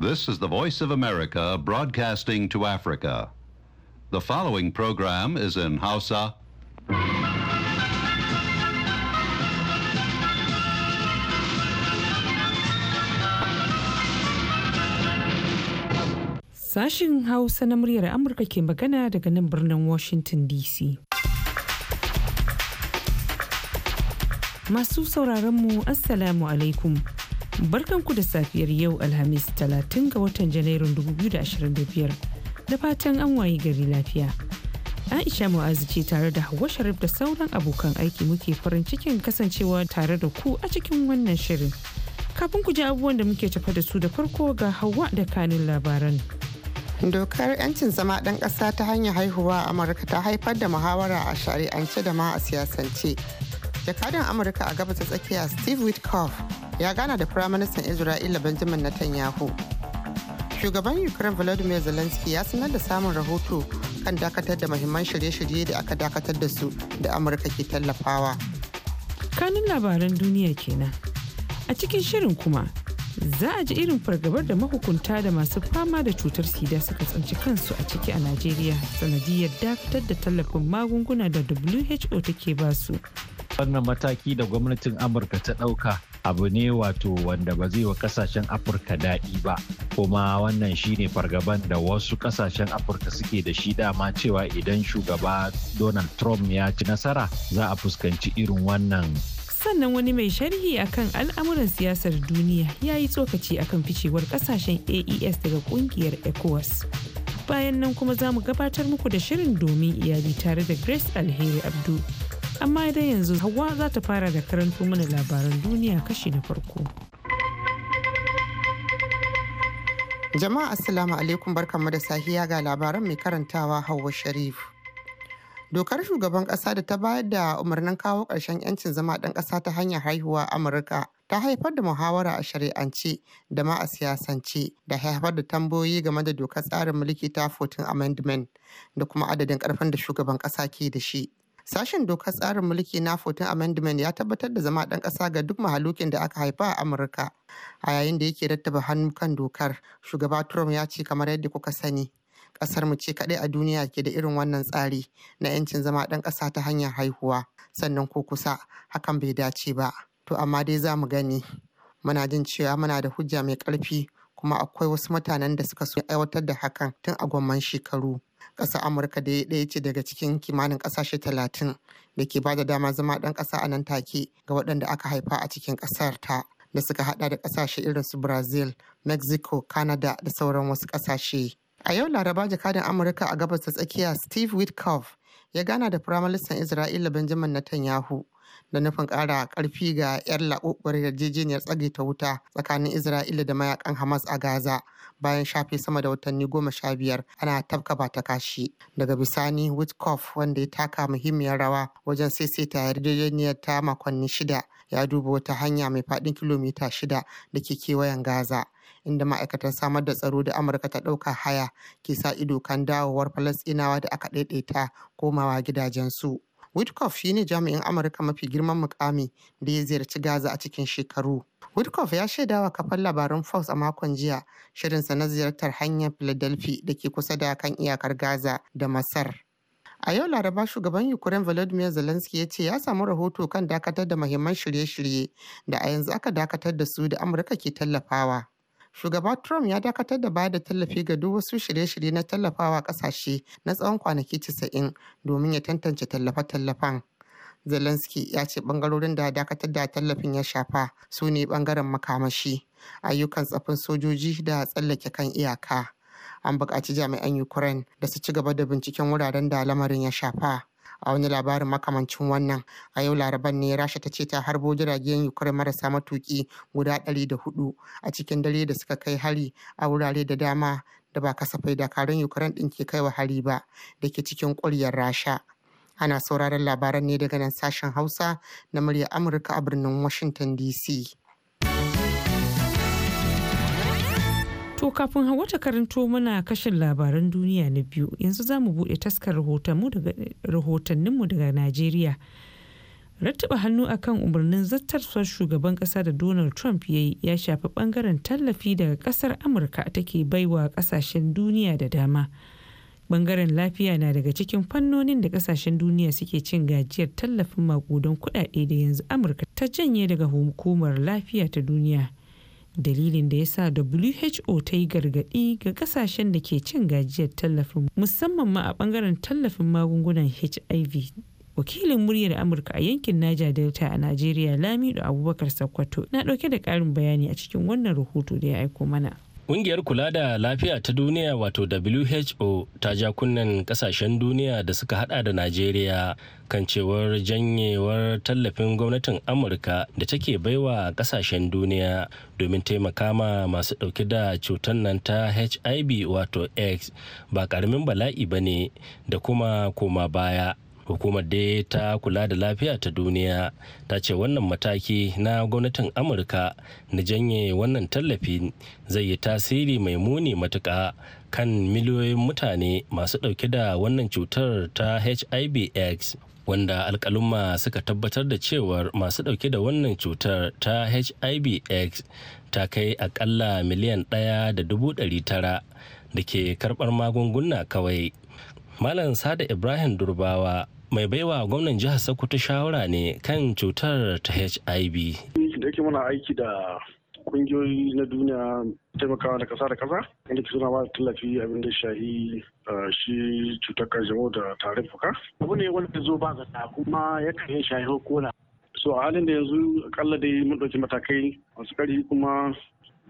This is the Voice of America broadcasting to Africa. The following program is in Hausa. Sashin Hausa na muryar Amurka ke magana daga nan birnin Washington DC. Masu sauraronmu, Assalamu alaikum. Barkanku da safiyar yau Alhamis 30 ga watan Janairun 2025 da fatan an wayi gari lafiya. Aisha Mu'azu ce tare da Hauwa Sharif da sauran abokan aiki muke farin cikin kasancewa tare da ku a cikin wannan shirin. Kafin ku ji abubuwan da muke tafa da su da farko ga Hauwa da kanin labaran. Dokar 'yancin zama ɗan ƙasa ta hanyar haihuwa a Amurka ta haifar da muhawara a shari'ance da ma a siyasance jakadan amurka a gabata tsakiya steve witkoff ya gana da firaministan isra'ila benjamin netanyahu shugaban ukraine volodymyr zelensky ya sanar da samun rahoto kan dakatar da mahimman shirye-shirye da aka dakatar da su da amurka ke tallafawa kanun labaran duniya kenan a cikin shirin kuma za a ji irin fargabar da mahukunta da masu fama da cutar sida suka tsanci kansu a ciki a najeriya sanadiyar dakatar da tallafin magunguna da who take basu wannan mataki da gwamnatin amurka ta ɗauka abu ne wato wanda ba zai wa kasashen afirka daɗi ba kuma wannan shine fargaban da wasu kasashen afirka suke da shi dama cewa idan shugaba donald trump ya ci nasara za a fuskanci irin wannan sannan wani mai sharhi akan al'amuran siyasar duniya ya yi tsokaci akan ficewar kasashen aes daga kungiyar ecowas bayan nan kuma za mu gabatar muku da shirin domin iyali tare da grace alheri abdu amma dai yanzu hawa za ta fara da karanto mana labaran duniya kashi na farko jama'a assalamu alaikum barkanmu da sahiya ga labaran mai karantawa hawa sharif dokar shugaban kasa da ta bayar da umarnin kawo ƙarshen 'yancin zama ɗan ƙasa ta hanyar haihuwa amurka ta haifar da muhawara a shari'ance da ma a siyasance da haifar da tambayoyi game da dokar tsarin mulki ta 14 amendment da kuma adadin ƙarfin da shugaban ƙasa ke da shi Sashen dokar tsarin mulki na 14 Amendment ya tabbatar da zama ɗan ƙasa ga duk mahalukin da aka haifa a Amurka. A yayin da yake rattaba hannu kan dokar, shugaba Trump ya ce kamar yadda kuka sani, kasar mu ce kaɗai a duniya ke da irin wannan tsari na yancin zama ɗan ƙasa ta hanyar haihuwa sannan ko kusa hakan bai dace ba to amma dai za mu gani muna jin cewa muna da hujja mai ƙarfi kuma akwai wasu mutanen da suka so aiwatar da hakan tun a gwamman shekaru ƙasar amurka da ɗaya ce daga cikin kimanin ƙasashe talatin da ke ba da dama zama ɗan ƙasa a nan take ga waɗanda aka haifa a cikin ƙasar ta da suka hada da ƙasashe irin su brazil mexico canada da sauran wasu ƙasashe a yau laraba jakadan amurka a gabas ta tsakiya steve witkoff ya gana da firaministan isra'ila benjamin netanyahu da nufin ƙara ƙarfi ga 'yar laɓuɓɓar yarjejeniyar tsagaita wuta tsakanin Isra'ila da mayakan Hamas a Gaza bayan shafe sama da watanni goma sha biyar ana tafka ba ta kashi. Daga bisani Witkoff wanda ya taka muhimmiyar rawa wajen saisaita yarjejeniyar ta makonni shida ya duba wata hanya mai faɗin kilomita shida da ke kewayen Gaza. inda ma'aikatan samar da tsaro da amurka ta ɗauka haya ke sa ido kan dawowar falasɗinawa da aka ɗaiɗaita komawa gidajensu Whitcock shi ne jami'in Amurka mafi girman mukami da ya ziyarci Gaza a cikin shekaru. Woodcock ya shaida wa kafar labarin Fox a makon jiya shirinsa na ziyartar hanyar Philadelphia da ke kusa da kan iyakar Gaza da Masar. A yau Laraba shugaban Ukraine Volodymyr Zelensky ya ce ya samu rahoto kan dakatar da mahimman shirye-shirye da a yanzu aka dakatar da su da Amurka ke tallafawa. Shugaba Trump ya dakatar da bayar da tallafi ga duk wasu shirye-shirye na tallafawa kasashe na tsawon kwanaki 90 domin ya tantance tallafe-tallafen. Zelensky ya ce bangarorin da dakatar da tallafin ya shafa su ne bangaren makamashi, ayyukan tsafin sojoji da tsallake kan iyaka. An buƙaci jami'an Ukraine da su ci gaba da binciken wuraren da lamarin ya shafa. a wani labarin makamancin wannan a yau laraban ne rasha ta ce ta harbo jiragen ukraine marasa matuki guda 104 a cikin dare da suka kai hari a wurare da dama da ba kasafai dakarun ukraine ɗin ke kaiwa hari ba da ke cikin ƙwariyar rasha ana sauraron labaran ne daga nan sashen hausa na murya amurka a birnin washington dc To kafin hawa ta karanto mana kashin labaran duniya na biyu yanzu za mu buɗe taskar rahotanninmu daga Najeriya. Rattaba hannu a kan umarnin zattarsuwar shugaban ƙasa da Donald Trump ya yi ya shafi ɓangaren tallafi daga ƙasar Amurka take baiwa ƙasashen duniya da dama. Bangaren lafiya na daga cikin fannonin da ƙasashen duniya suke cin gajiyar tallafin maƙudan kuɗaɗe da yanzu Amurka ta janye daga hukumar lafiya ta duniya. dalilin da ya sa who ta yi gargaɗi ga kasashen da ke cin gajiyar tallafin musamman ma a ɓangaren tallafin magungunan hiv wakilin muryar amurka a yankin naja delta a nigeria lamido abubakar sakkwato na ɗauke da ƙarin bayani a cikin wannan rahoto da ya aiko mana Ƙungiyar kula da lafiya ta duniya wato WHO ta ja kunnen kasashen duniya da suka hada da Najeriya kan cewar janyewar tallafin gwamnatin Amurka da take baiwa ƙasashen duniya domin taimaka ma masu ɗauke da cutar nan ta HIV wato X ba ƙaramin bala'i ba ne da kuma koma baya hukumar dai ta kula da lafiya ta duniya ta ce wannan mataki na gwamnatin amurka na janye wannan tallafi zai yi tasiri mai muni matuka kan miliyoyin mutane masu ɗauke da wannan cutar ta hivx wanda alkalumma suka tabbatar da cewar masu ɗauke da wannan cutar ta hivx ta kai akalla miliyan ɗaya da dubu ɗari tara da ke karɓar magunguna kawai malam sada ibrahim durbawa mai baiwa gwamnan jihar sokoto shawara ne kan cutar ta hiv da yake muna aiki da kungiyoyi na duniya taimakawa da kasa da kasa inda ke suna ba da tallafi abin da shahi shi cutar kanjamau da tarin fuka abu ne wanda zo ba zata kuma kan yi shahi hukuna so a halin da yanzu akalla dai mun ɗauki matakai masu kari kuma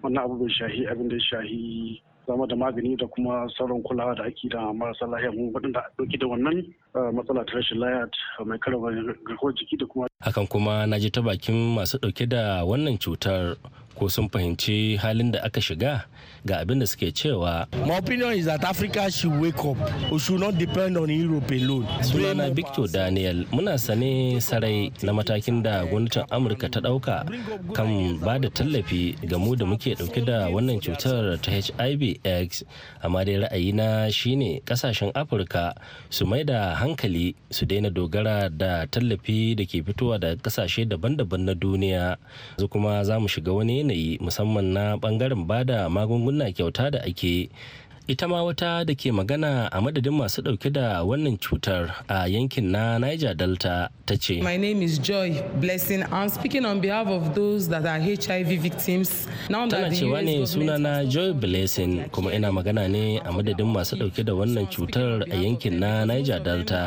wannan abu bai shahi abin da shahi zama da magani da kuma sauran kulawa da ake da marasa lahiya mu waɗanda ɗauki da wannan eh, matsala ta rashin lahiya mai karaba garkuwar jiki da kuma. Hakan kuma na ji ta bakin masu ɗauke da wannan cutar ko sun fahimci halin da aka shiga ga abin da suke cewa. My opinion is that Africa should wake up. We should not depend on Europe alone. Sunana Victor Daniel muna sane sarai na matakin da gwamnatin Amurka ta ɗauka kan ba da tallafi ga mu da muke ɗauke da wannan cutar ta HIV X. Amma dai ra'ayi ra'ayina shine kasashen Afirka su mai da hankali su daina dogara da tallafi da ke fitowa da kasashe daban-daban na duniya. Yanzu kuma za mu shiga wani yanayi musamman na bangaren bada magunguna kyauta da ake ita ma wata da ke magana a madadin masu dauke da wannan cutar a yankin na niger delta ta ce my name is joy blessing i'm speaking on behalf of those that are hiv victims now tana cewa ne suna na joy blessing kuma ina magana ne a madadin masu dauke da wannan cutar a yankin na niger delta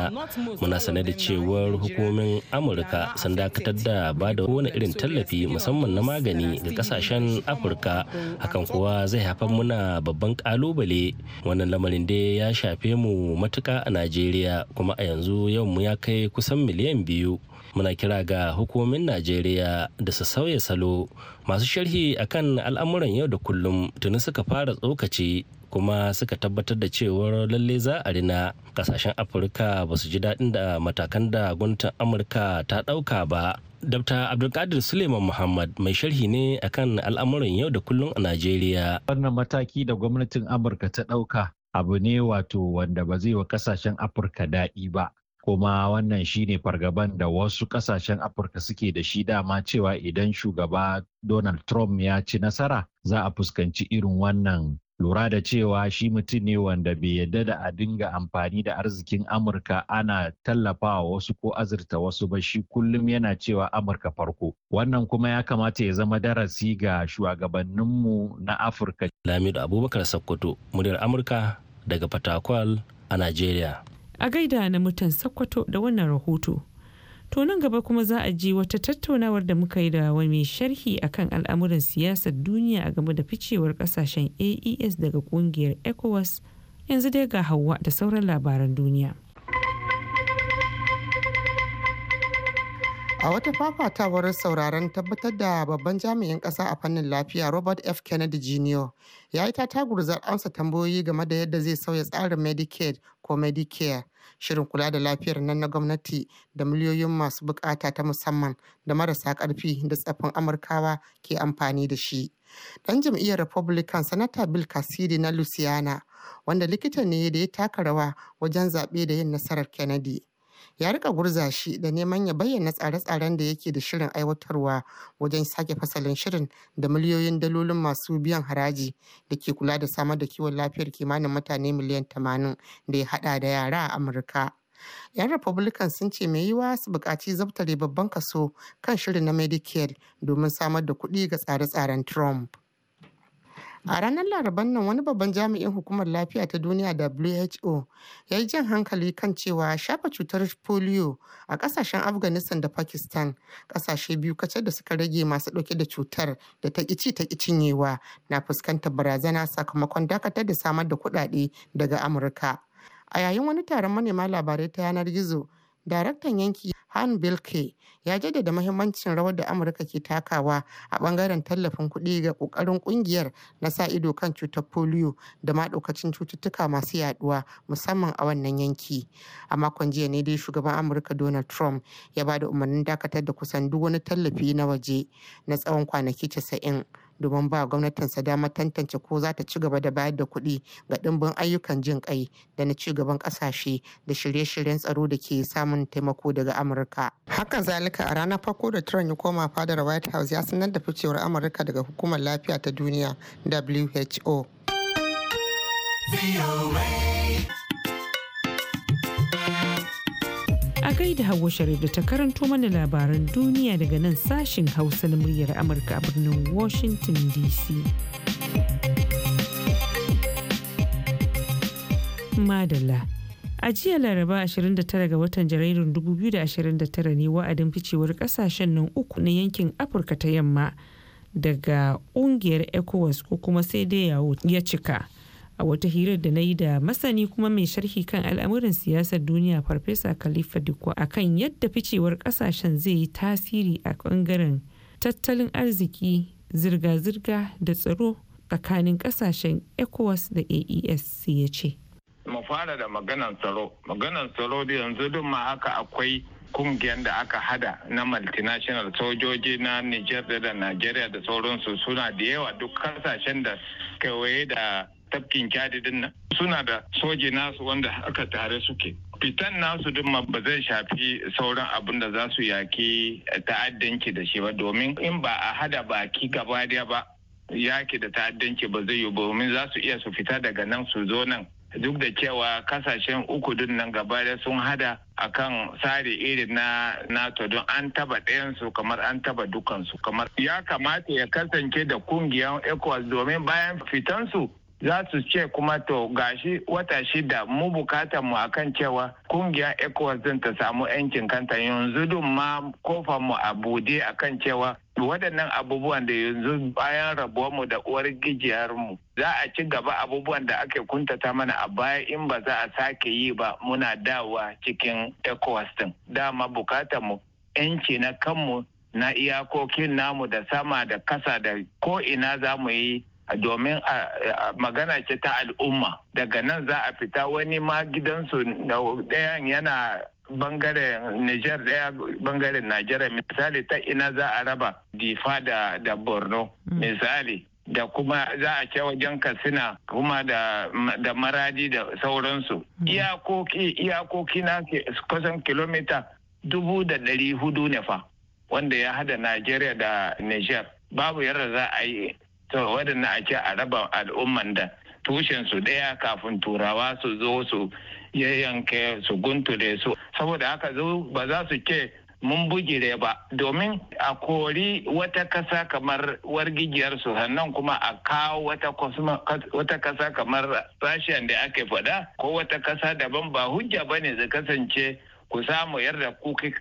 muna sane da cewar hukumomin amurka sun dakatar da ba da wani irin tallafi musamman na magani ga kasashen afirka hakan kuwa zai haifar muna babban kalubale wannan lamarin dai ya shafe mu matuka a najeriya kuma a yanzu yau mu ya kai kusan miliyan biyu muna kira ga hukumomin najeriya da su sauya salo masu sharhi akan al'amuran yau da kullum tuni suka fara tsokaci kuma suka tabbatar da cewar lalle za a rina kasashen afirka ba su ji daɗin da matakan da gwamnatin amurka ta ɗauka ba Dr. Abdulkadir Suleiman Muhammad mai sharhi ne akan al'amuran yau da kullum a Najeriya. Wannan mataki da gwamnatin Amurka ta ɗauka abu ne wato wanda ba zai wa kasashen Afirka daɗi ba. Kuma wannan shine fargaban da wasu kasashen Afirka suke da shi dama cewa idan shugaba Donald Trump ya ci nasara za a fuskanci irin wannan lura da cewa shi mutum ne wanda bai yadda da a dinga amfani da arzikin amurka ana tallafawa wasu ko azurta wasu ba shi kullum yana cewa amurka farko wannan kuma ya kamata ya zama darasi ga shugabanninmu na afirka lamido abubakar sakkwato muryar amurka daga fatakwal a najeriya a gaida na mutan sakkwato da wannan rahoto To nan gaba kuma za a ji wata tattaunawar da muka yi da wa mai sharhi akan al'amuran siyasar duniya a game da ficewar kasashen AES daga kungiyar ECOWAS yanzu dai ga Hauwa da sauran labaran duniya. A wata fafatawar sauraron tabbatar da babban jami'in kasa a fannin lafiya Robert F. Kennedy Jr. ya yi ta tagurzar amsa tambayoyi game da yadda zai sauya tsarin Medicaid ko Medicare, shirin kula da lafiyar nan na gwamnati da miliyoyin masu bukata ta musamman da marasa ƙarfi da tsafin Amurkawa ke amfani da shi. dan jam'iyyar Republican Sanata Bill Cassidy na Louisiana, wanda likita ne da ya taka rawa wajen zaɓe da yin nasarar Kennedy. ya rika gurza shi da neman ya bayyana tsare-tsaren da yake da shirin aiwatarwa wajen sake fasalin shirin da miliyoyin dalolin masu biyan haraji da ke kula da samar da kiwon lafiyar kimanin mutane miliyan 80 da ya hada da yara a Amurka. 'yan republican sun ce mai yiwa su buƙaci zabtare babban kaso kan shirin na medicare domin samar da kuɗi ga tsare-tsaren trump A ranar Laraban nan wani babban jami'in hukumar lafiya ta duniya WHO ya yi jan hankali kan cewa shafa cutar polio a kasashen Afghanistan da Pakistan kasashe biyu kacal da suka rage masu ɗauke da cutar da ta ƙici ta cinyewa na fuskantar barazana sakamakon dakatar da samar da kuɗaɗe daga Amurka. A yayin wani taron manema labarai ta yanar gizo, daraktan yanki Han Bilke ya jaddada mahimmancin rawar da Amurka ke takawa a bangaren tallafin kuɗi ga ƙoƙarin ƙungiyar na sa ido kan cutar polio da ma cututtuka masu yaduwa musamman a wannan yanki. A makon jiya ne dai shugaban Amurka Donald Trump ya ba da umarnin dakatar da kusan duk wani tallafi na waje na tsawon kwanaki 90. domin ba gwamnatin sa damar tantance ko za ta ci gaba da bayar da kuɗi ga ɗimbin ayyukan jin kai da na ci gaban ƙasashe da shirye-shiryen tsaro da ke samun taimako daga Amurka. Haka zalika a ranar farko da Trump ya koma fadar White House ya sanar da ficewar Amurka daga hukumar lafiya ta duniya WHO. A da Hauwa Sharif da ta karanto mana labaran duniya daga nan sashen Hausa na muryar Amurka a birnin Washington DC. madala A jiya Laraba 29 ga watan Janairun 2029 ne wa'adin ficewar kasashen nan uku na yankin Afirka ta yamma daga kungiyar ECOWAS ko kuma sai dai yawo ya cika. a wata hirar da na yi da masani kuma mai sharhi kan al'amuran siyasar duniya farfesa khalifa a kan yadda ficewar kasashen zai yi tasiri a ɓangaren tattalin arziki zirga-zirga da tsaro tsakanin kasashen ecowas da aes ya ce mu fara da maganan tsaro maganan tsaro da yanzu duk ma haka akwai kungiyar da aka hada na multinational sojoji na niger da nigeria da sauransu suna da yawa duk kasashen da kewaye da tafkin kyadi din nan suna da soje nasu wanda aka tare suke fitan nasu din ma ba zai shafi sauran abin da za su yaki ta'addanci da shi ba domin in ba a hada baki gaba daya ba yaki da ta'addanci ba zai yi ba domin za su iya su fita daga nan su zo nan duk da cewa kasashen uku din nan gaba da sun hada akan sare irin na nato don an taba ɗayansu kamar an taba dukansu kamar ya kamata ya kasance da kungiyar ecowas domin bayan fitansu za su ce kuma to gashi wata shida mu bukatar mu akan cewa kungiya ECOWAS din ta samu 'yancin kanta yanzu dun ma kofar mu a bude akan cewa waɗannan abubuwan da yanzu bayan mu da uwar mu za a ci gaba abubuwan da ake kuntata mana a baya in ba za a sake yi ba muna dawa cikin ecowas din dama bukatar mu yanci na kanmu na iyakokin namu da sama da kasa da ko ina za mu yi domin a magana ce ta al'umma daga nan za a fita wani ma gidansu ɗayan yana bangaren Nijar ɗaya bangaren Najeriya misali ta ina za a raba difa da, da Borno hmm. misali da kuma za a ce wajen Katsina kuma da, Maradi da sauransu. Hmm. Iyakoki iyakoki na kusan kilomita dubu da ɗari hudu ne fa wanda ya hada Najeriya da Nijar. Babu yadda za a yi to waɗanda a ce a raba al'umman da tushen su ɗaya kafin turawa su zo su yayyanke su guntule su saboda haka zo ba za su ce mun bugire ba domin a kori wata kasa kamar wargigiyar su sannan kuma a kawo wata kasa kamar rashiyan da ake faɗa ko wata kasa daban ba hujja ba ne zai kasance ku samu yarda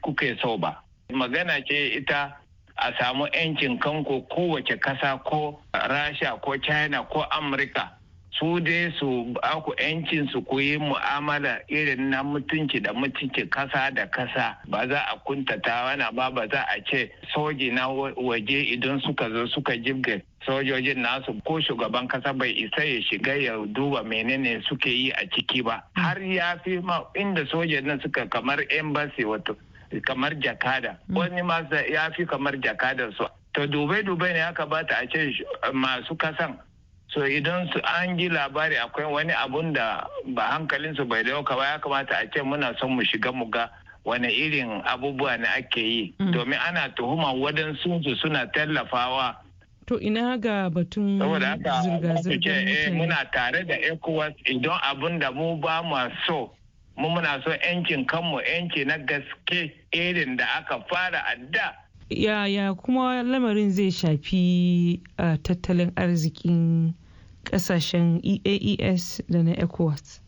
kuke so ba magana ce ita a samu 'yancin kanko kowace kasa ko rasha ko china ko amurka su dai su aku yancin su yi mu'amala irin na mutunci da mutunci kasa da kasa ba za a kuntata wana ba ba za a ce soji na waje idan suka zo suka jibge sojojin nasu ko shugaban kasa bai isa ya shiga ya duba menene suke yi a ciki ba har ya fi ma inda sojojin suka kamar embassy wato kamar jakada mm. wani ma ya fi kamar jakada su to dubai-dubai ne ya kamata a ce masu kasan so idan su an ji labari akwai wani abun da ba su bai dauka ba ya kamata a ce muna son mu shiga mu ga wani irin abubuwa ne ake yi mm. domin ana tuhuma wadansu su suna tallafawa to ina ga batun zirga-zirgar eh, muna tare da ecowas idan abun da mu ba mu so mu muna so yancin kanmu yanci na gaske irin da aka fara adda. da yaya kuma lamarin zai shafi a tattalin arzikin kasashen eaes da na ecowas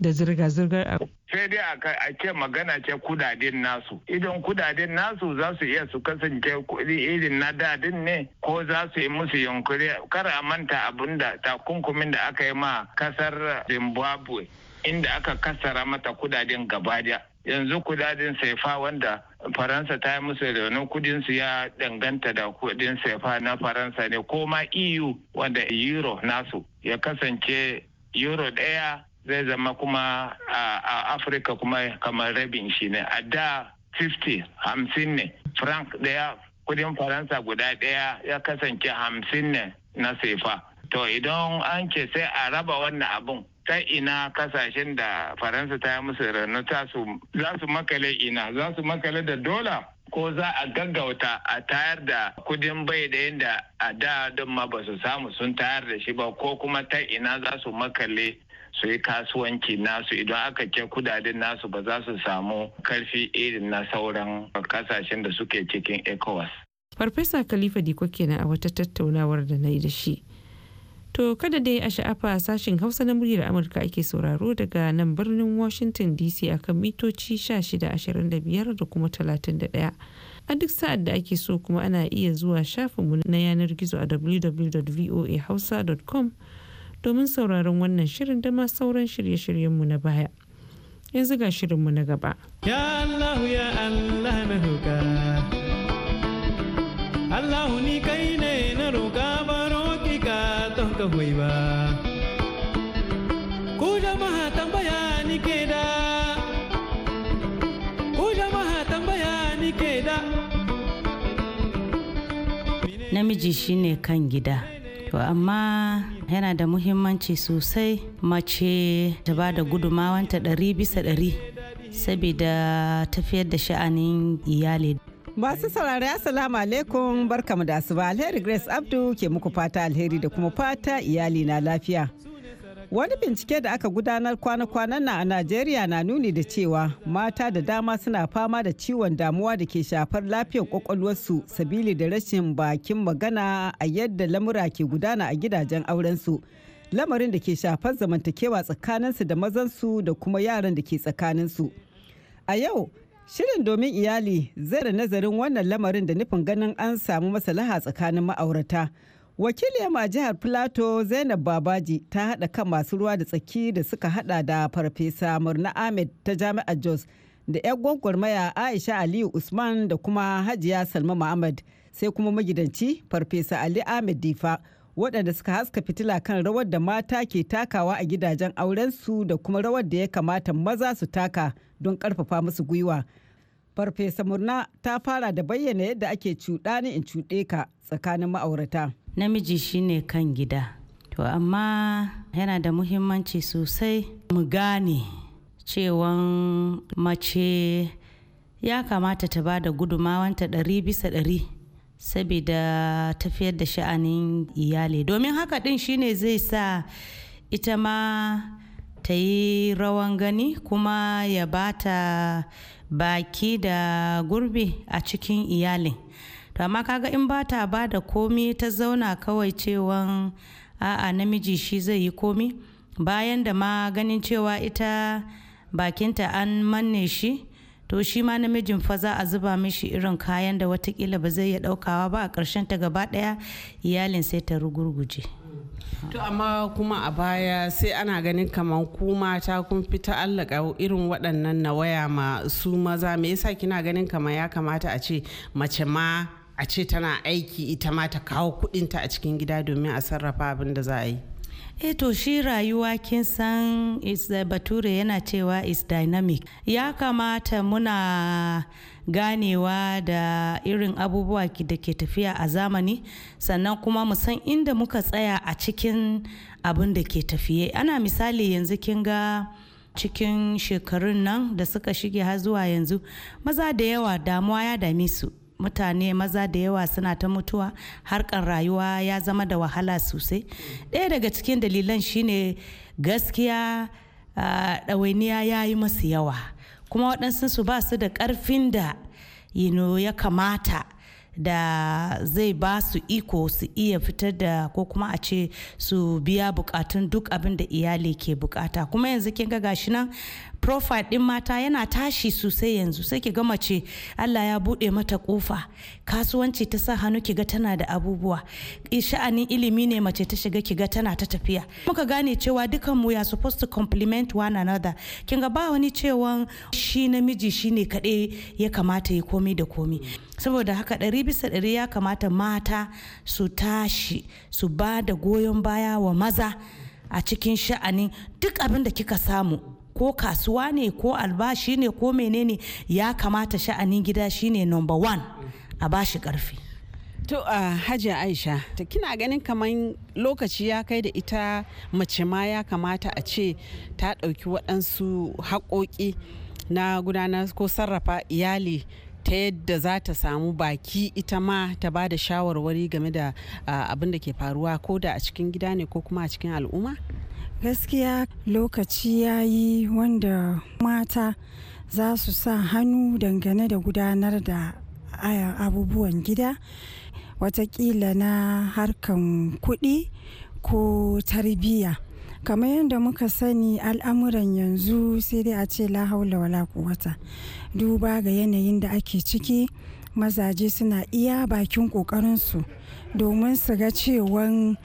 da zirga-zirgar a sai dai a ce magana ce kudaden nasu idan kudaden nasu za su iya su kasance irin na dadin ne ko za su yi musu yunkuri kar a manta abin da takunkumin da aka yi ma kasar zimbabwe inda aka kassara mata kudaden gabaɗaya yanzu kudaden saifa wanda faransa ta yi musu raunin kudin su ya danganta da kudin saifa na faransa ne ko ma eu wanda euro nasu ya kasance euro ɗaya zai zama kuma a afirka kuma kamar rabin shi ne a da 50 hamsin ne frank ɗaya kudin faransa guda ɗaya ya kasance hamsin ne na saifa to idan an ke sai a raba wannan abun ta ina kasashen da faransa ta yi musu ta su za su makale ina za su makale da dola ko za a gaggauta a tayar da kudin bai da yadda a da don ma ba su samu sun tayar da shi ba ko kuma ta ina za su makale su yi kasuwanci nasu idan aka ke kudaden nasu ba za su samu karfi irin na sauran kasashen da suke cikin ecowas farfesa khalifa diko kenan a wata tattaunawar da na yi da shi To kada dai a sha'afa sashen Hausa na muryar Amurka ake sauraro daga nan birnin Washington DC akan mitoci 1625 da kuma 31. A duk sa'ad da ake so kuma ana iya zuwa shafinmu na yanar gizo a www.voahausa.com domin sauraron wannan shirin da ma sauran shirye-shiryenmu na baya. Yanzu ga shirinmu na gaba. Ya Allah ya Allah na roƙa. Allah ni kai ne na roƙa. kawai ba ku jama'a tambaya ni ke da ku tambaya ni ke namiji shine kan gida to amma yana da muhimmanci sosai mace ta ba da gudumawanta ɗari bisa ɗari saboda tafiyar da sha'anin iyali Masu saurari Assalamu alaikum barkamu da asuba alheri Grace Abdu ke muku fata alheri da kuma fata iyali na lafiya. Wani bincike da aka gudanar kwana-kwanan na a Najeriya na nuni da cewa mata da dama suna fama da ciwon damuwa da ke shafar lafiyar kwakwalwarsu sabili da rashin bakin magana a yadda lamura ke gudana a gidajen aurensu. Lamarin da ke shafar zamantakewa tsakaninsu da mazansu da kuma yaran da ke tsakaninsu. A yau, Shirin domin iyali zai da nazarin wannan lamarin da nufin ganin an samu maslaha tsakanin ma'aurata. Wakiliyar a jihar Filato Zainab Babaji ta haɗa kan masu ruwa da tsaki da suka haɗa da Farfesa Murna Ahmed ta Jami'ar Jos da 'yan maya Aisha Aliyu Usman da kuma Hajiya Salma Muhammad sai kuma magidanci Farfesa Ali Ahmed Difa. waɗanda suka haska fitila kan rawar da mata ke takawa a gidajen aurensu da kuma rawar da ya kamata maza su taka don ƙarfafa musu gwiwa. Farfesa Murna ta fara da bayyana yadda ake cuɗani in cuɗe ka tsakanin ma'aurata. Namiji shine kan gida. To amma yana da muhimmanci sosai mu gane cewan mace ya kamata ta ba da gudumawanta ɗari bisa ɗari. saboda tafiyar da sha'anin iyali domin haka din shine zai sa ita ma ta yi rawan gani kuma ya bata baki da gurbi a cikin iyalin to amma kaga in bata ba da komi ta zauna kawai cewan a'a namiji shi zai yi komi bayan da ma ganin cewa ita bakinta an manne shi to shi ma namijin fa za a zuba mishi irin kayan da watakila ba zai iya daukawa ba a karshen ta gaba ɗaya iyalin sai ta rugurguje to amma kuma a baya sai ana ganin kamar ku mata kun fi ta'allaka irin waɗannan na waya ma su maza me yasa kina ganin kamar ya kamata a ce mace ma a ce tana aiki ita ma ta kawo kuɗinta a cikin gida domin a sarrafa abin da za a yi e to shi rayuwa kin san eh, bature yana cewa is dynamic ya kamata muna ganewa da irin abubuwa da ke tafiya a zamani sannan kuma mu san inda muka tsaya a cikin abin da ke tafiye ana misali yanzu kin ga cikin shekarun nan da suka shige har zuwa yanzu maza da yawa damuwa ya dame su mutane maza da yawa suna ta mutuwa harkar rayuwa ya zama da wahala sosai ɗaya daga cikin dalilan shine gaskiya ɗawainiya ya yi masu yawa kuma waɗansu su ba su da ƙarfin da ya kamata da zai ba su iko su iya fitar da ko kuma a ce su biya bukatun duk abin da iyali ke bukata kuma yanzu kin ga gashi nan profile din mata yana tashi sosai yanzu sai ki ga mace Allah ya bude mata kofa kasuwanci ta sa hannu ki ga tana da abubuwa eh, sha'anin ilimi ne mace ta shiga ki ga tana ta tafiya muka gane cewa dukan mu ya supposed to compliment one another kin ga ba wani cewa shi namiji shine kaɗai ya kamata ya komi da komi saboda haka ɗari bisa ɗari ya kamata mata su tashi su ba da goyon baya wa maza a cikin sha'anin duk abin da kika samu ko kasuwa ne ko albashi ne ko menene ya kamata sha'anin gida shine number one a bashi karfi To a Hajiya Aisha, ta kina ganin kamar lokaci ya kai da ita mace ma ya kamata a ce ta ɗauki waɗansu haƙoƙi na gudanar ko sarrafa iyali ta yadda za ta samu baki ita ma ta ba da shawarwari game da abin da ke faruwa ko da a cikin gida ne ko kuma a cikin al'umma? gaskiya lokaci ya yi wanda mata za su sa hannu dangane da gudanar da abubuwan gida watakila na harkan kuɗi ko tarbiyya kamar yadda muka sani al'amuran yanzu sai dai a ce la haula wala kuwata duba ga yanayin da ake ciki mazaje suna iya bakin ƙoƙarinsu domin su ga cewan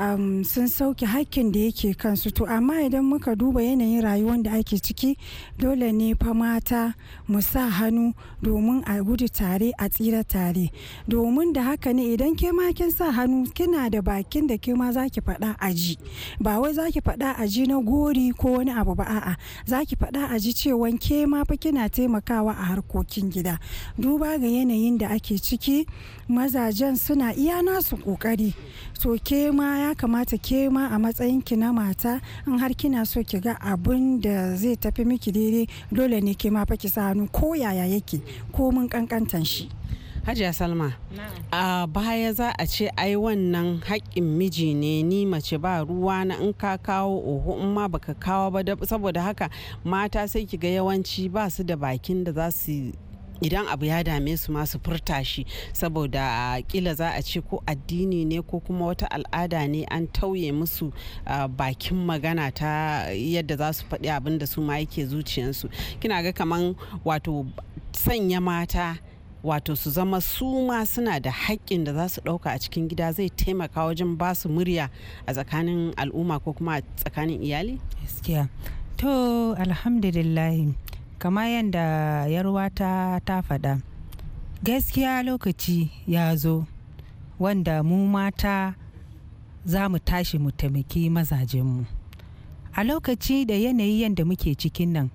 um, sun sauke hakkin da yake kansu to amma idan muka duba yanayin rayuwar da ake ciki dole ne fa mata mu sa hannu domin a gudu tare a tsira tare domin da haka ne idan ke ma kin sa hannu kina da bakin da ke ma zaki faɗa aji ba wai zaki faɗa aji na gori ko wani abu ba a'a zaki faɗa aji cewa ke ma fa kina taimakawa a harkokin gida duba ga yanayin da ake ciki mazajen suna iya nasu kokari to ke ma ya kamata ke ma a matsayin ki na mata in har kina so ki ga abun da zai tafi miki daidai dole ne ke ma fa ki sa hannu ko yaya yake ko mun kankantan shi Hajiya Salma, a baya za a ce ai wannan haƙƙin miji ne ni mace ba ruwa na in ka kawo oho in ma baka kawo ba saboda haka mata sai ki ga yawanci ba su da bakin da za su idan abu ya dame su masu furta shi saboda ah, kila za a ce ko addini ne ko kuma wata al'ada ne an tauye musu ah, bakin magana ta yadda za su faɗi abin da su ma yake zuciyansu kina ga kaman wato sanya mata wato su zama su ma suna da haƙƙin da za su ɗauka a cikin gida zai taimaka wajen ba su murya a tsakanin al'umma ko kuma tsakanin iyali? to alhamdulillahi kamar yadda yarwata ta faɗa gaskiya lokaci ya zo wanda mu mata za mu tashi mu taimaki mazajenmu a lokaci da yanayi yadda muke cikin nan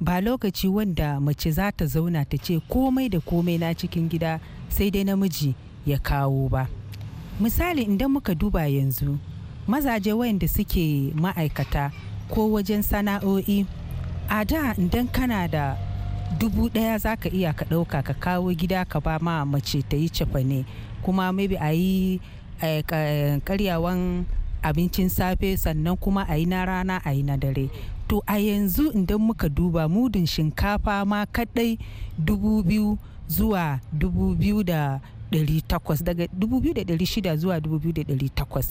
ba lokaci wanda mace za ta zauna ta ce komai da komai na cikin gida sai dai namiji ya kawo ba misali idan muka duba yanzu mazaje wayanda suke ma'aikata ko wajen sana'o'i a da idan kana da dubu daya za ka iya ka ɗauka ka kawo gida ka ba ma mace ta yi cefane kuma maybe a yi karyawan abincin safe sannan kuma a yi na rana a yi na dare to a yanzu idan muka duba mudun shinkafa ma kadai dubu biyu zuwa dubu biyu da dari takwas daga dubu biyu da dari shida zuwa dubu biyu da dari takwas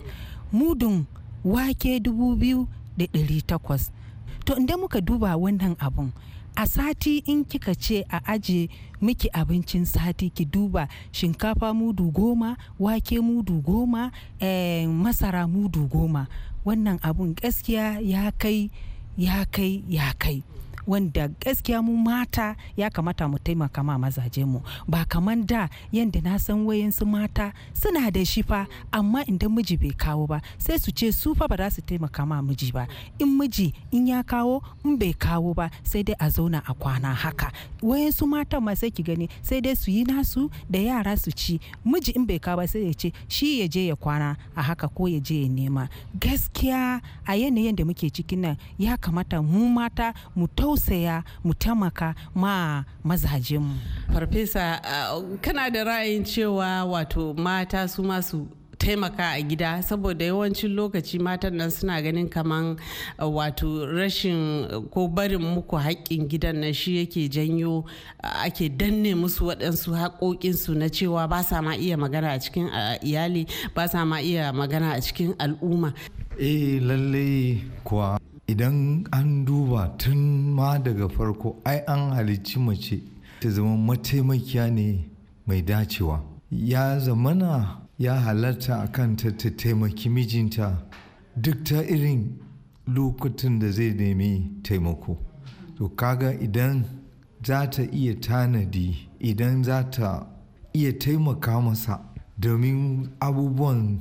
mudun wake dubu biyu da dari takwas to inda muka duba wannan abun a sati in kika ce a aje miki abincin sati ki duba shinkafa mudu goma wake mudu goma eh, masara mudu goma wannan abun gaskiya ya kai ya kai ya kai wanda gaskiya mu mata ya kamata mu taimaka ma mazaje mu ba kaman da yanda na san wayan su mata suna da shi fa amma idan miji bai kawo ba sai su ce su fa ba za su taimaka ma miji ba in miji in ya kawo in bai kawo ba sai dai a zauna a kwana haka wayan su mata ma sai ki gani sai dai su yi nasu da yara su ci miji in bai kawo ba sai ya ce shi ya je ya kwana a haka ko ya je ya nema gaskiya a yanayin da muke cikin nan ya kamata mu mata mu tausa tausaya mu taimaka ma mazajenmu farfesa uh, kana da ra'ayin cewa wato mata su masu taimaka a gida saboda yawancin lokaci matan nan suna ganin kamar uh, wato rashin uh, ko barin muku haƙƙin gidan nan shi yake janyo ake danne musu waɗansu haƙoƙinsu na cewa ba sa ma iya magana a cikin iyali ba sa ma iya magana a cikin al'umma eh lallai kuwa idan an duba tun ma daga farko ai an halicci mace ta zama mataimakiya ne mai dacewa ya zamana ya halatta a kanta ta taimaki mijinta duk ta irin lokutan da zai nemi taimako to kaga idan za ta iya tanadi idan za ta iya taimaka masa domin abubuwan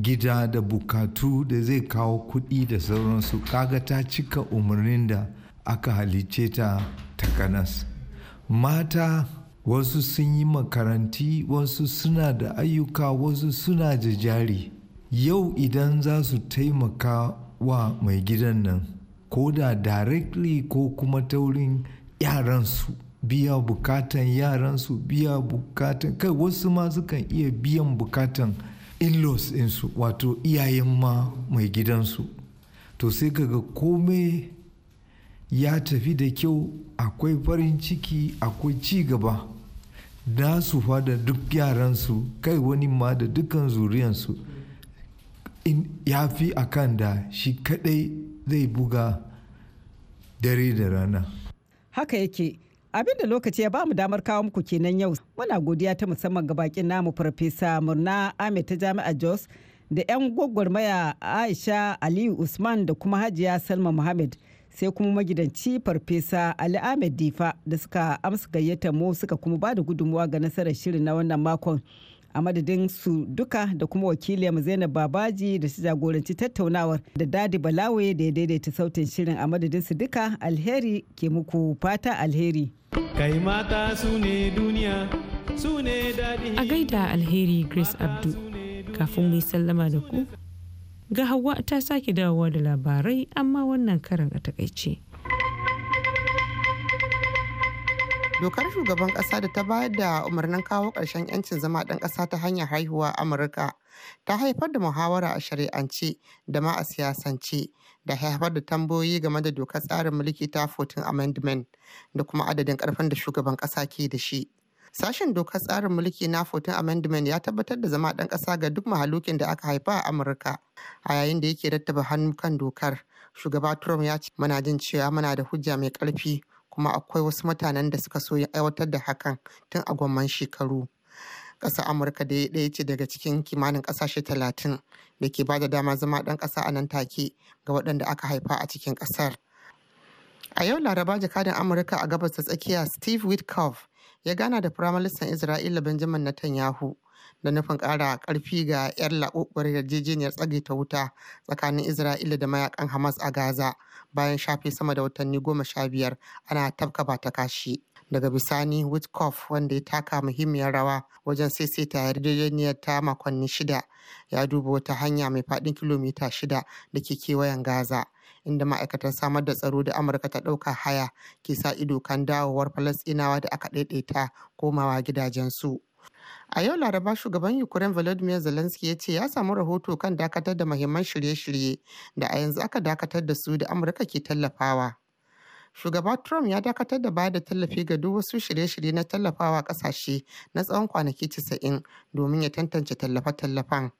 gida da bukatu da zai kawo kuɗi da sauransu kaga ta cika umarnin da aka halice ta takanas mata wasu sun yi makaranti wasu suna da ayyuka wasu suna da jari yau idan za su taimaka wa mai gidan nan ko da directly ko kuma taurin yaransu biya bukatan yaransu biya bukatan kai wasu ma sukan iya biyan bukatan in-laws insu wato iyayen ma mai gidansu to sai kaga komai ya tafi da kyau akwai farin ciki akwai ci gaba nasu su da duk yaransu kai wani ma da dukkan zuriyansu ya fi akan da shi kadai zai buga dare da rana haka yake abinda lokaci ya ba mu damar kawo muku kenan yau muna godiya ta musamman ga bakin namu farfesa murna ahmed ta jami'ar jos da 'yan gwagwarmaya aisha aliyu usman da kuma hajiya salma muhammad sai kuma magidanci farfesa ali ahmed difa da suka amsa gayyata mu suka kuma ba da gudunmuwa ga nasarar shirin na wannan makon a madadin su duka da kuma wakiliyar zainab babaji da su jagoranci tattaunawar da dadi balawe da ya daidaita sautin shirin a madadin su duka alheri ke muku fata alheri kai mata a gaida alheri grace abdu kafin mu sallama da ku ga hawa ta sake dawowa da labarai amma wannan karan a takaice. dokar shugaban ƙasa da ta bayar da umarnin kawo ƙarshen 'yancin zama ɗan ƙasa ta hanyar haihuwa amurka ta haifar da muhawara a shari'ance da ma a siyasance da haifar da tambayoyi game da dokar tsarin mulki ta 14 amendment da kuma adadin ƙarfin da shugaban ƙasa ke da shi Sashen dokar tsarin mulki na 14 Amendment ya tabbatar da zama ɗan ƙasa ga duk mahalukin da aka haifa a Amurka. A yayin da yake rattaba hannu kan dokar, shugaba Trump ya ce muna jin cewa muna da hujja mai ƙarfi kuma akwai wasu mutanen da suka so aiwatar da hakan tun a gomman shekaru ƙasar amurka da ɗaya ce daga cikin kimanin ƙasashe talatin da ke bada dama zama ɗan ƙasa a nan take ga waɗanda aka haifa a cikin ƙasar a yau laraba jakadan amurka a gabas ta tsakiya steve witkoff ya gana da Firamalistan isra'ila benjamin netanyahu da nufin ƙara ƙarfi ga 'yar laɓuɓɓar yarjejeniyar ta wuta tsakanin isra'ila da mayakan hamas a gaza bayan shafe sama da watanni goma sha biyar ana tafka ba ta kashi daga bisani witkoff wanda ya taka muhimmiyar rawa wajen saisaita yarjejeniyar ta makonni shida ya duba wata hanya mai faɗin kilomita shida da ke kewayen gaza inda ma'aikatan samar da tsaro da amurka ta ɗauka haya ke sa ido kan dawowar falasɗinawa da aka ɗaiɗaita komawa gidajensu A yau Laraba shugaban Ukraine Volodymyr Zelensky ya ce ya samu rahoto kan dakatar da mahimman shirye-shirye da a yanzu aka dakatar da su da Amurka ke tallafawa. Shugaba Trump ya dakatar da bayar da tallafi ga duk wasu shirye-shirye na tallafawa kasashe na tsawon kwanaki 90 domin ya tantance tallafe-tallafen.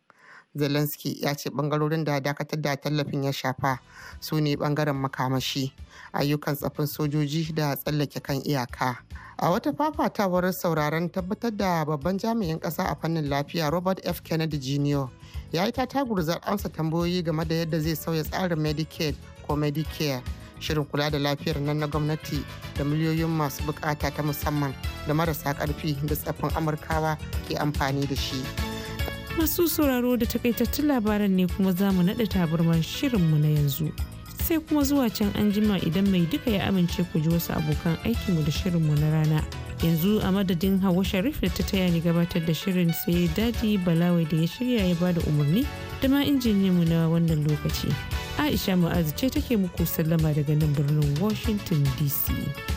zelensky ya ce bangarorin da dakatar da tallafin ya shafa su ne bangaren makamashi ayyukan tsafin sojoji da tsallake kan iyaka a wata fafatawar sauraron tabbatar da babban jami'in ƙasa a fannin lafiya robert f kennedy jr ya yi ta tagurzar amsa tambayoyi game da yadda zai sauya tsarin medicaid ko medicare shirin kula da lafiyar nan na gwamnati da miliyoyin masu bukata ta musamman da marasa karfi da tsaffin amurkawa ke amfani da shi. Masu sauraro da takaitattun labaran ne kuma za mu naɗa taburman shirinmu na yanzu. Sai kuma zuwa can an jima idan mai duka ya amince ku ji wasu abokan aikinmu da shirinmu na rana. Yanzu a madadin Hawa Sharif da ta taya ni gabatar da shirin sai Dadi Balawai da ya shirya ya bada umarni da ma mu na wannan lokaci. Aisha Ma'azu ce take muku sallama daga nan birnin Washington DC.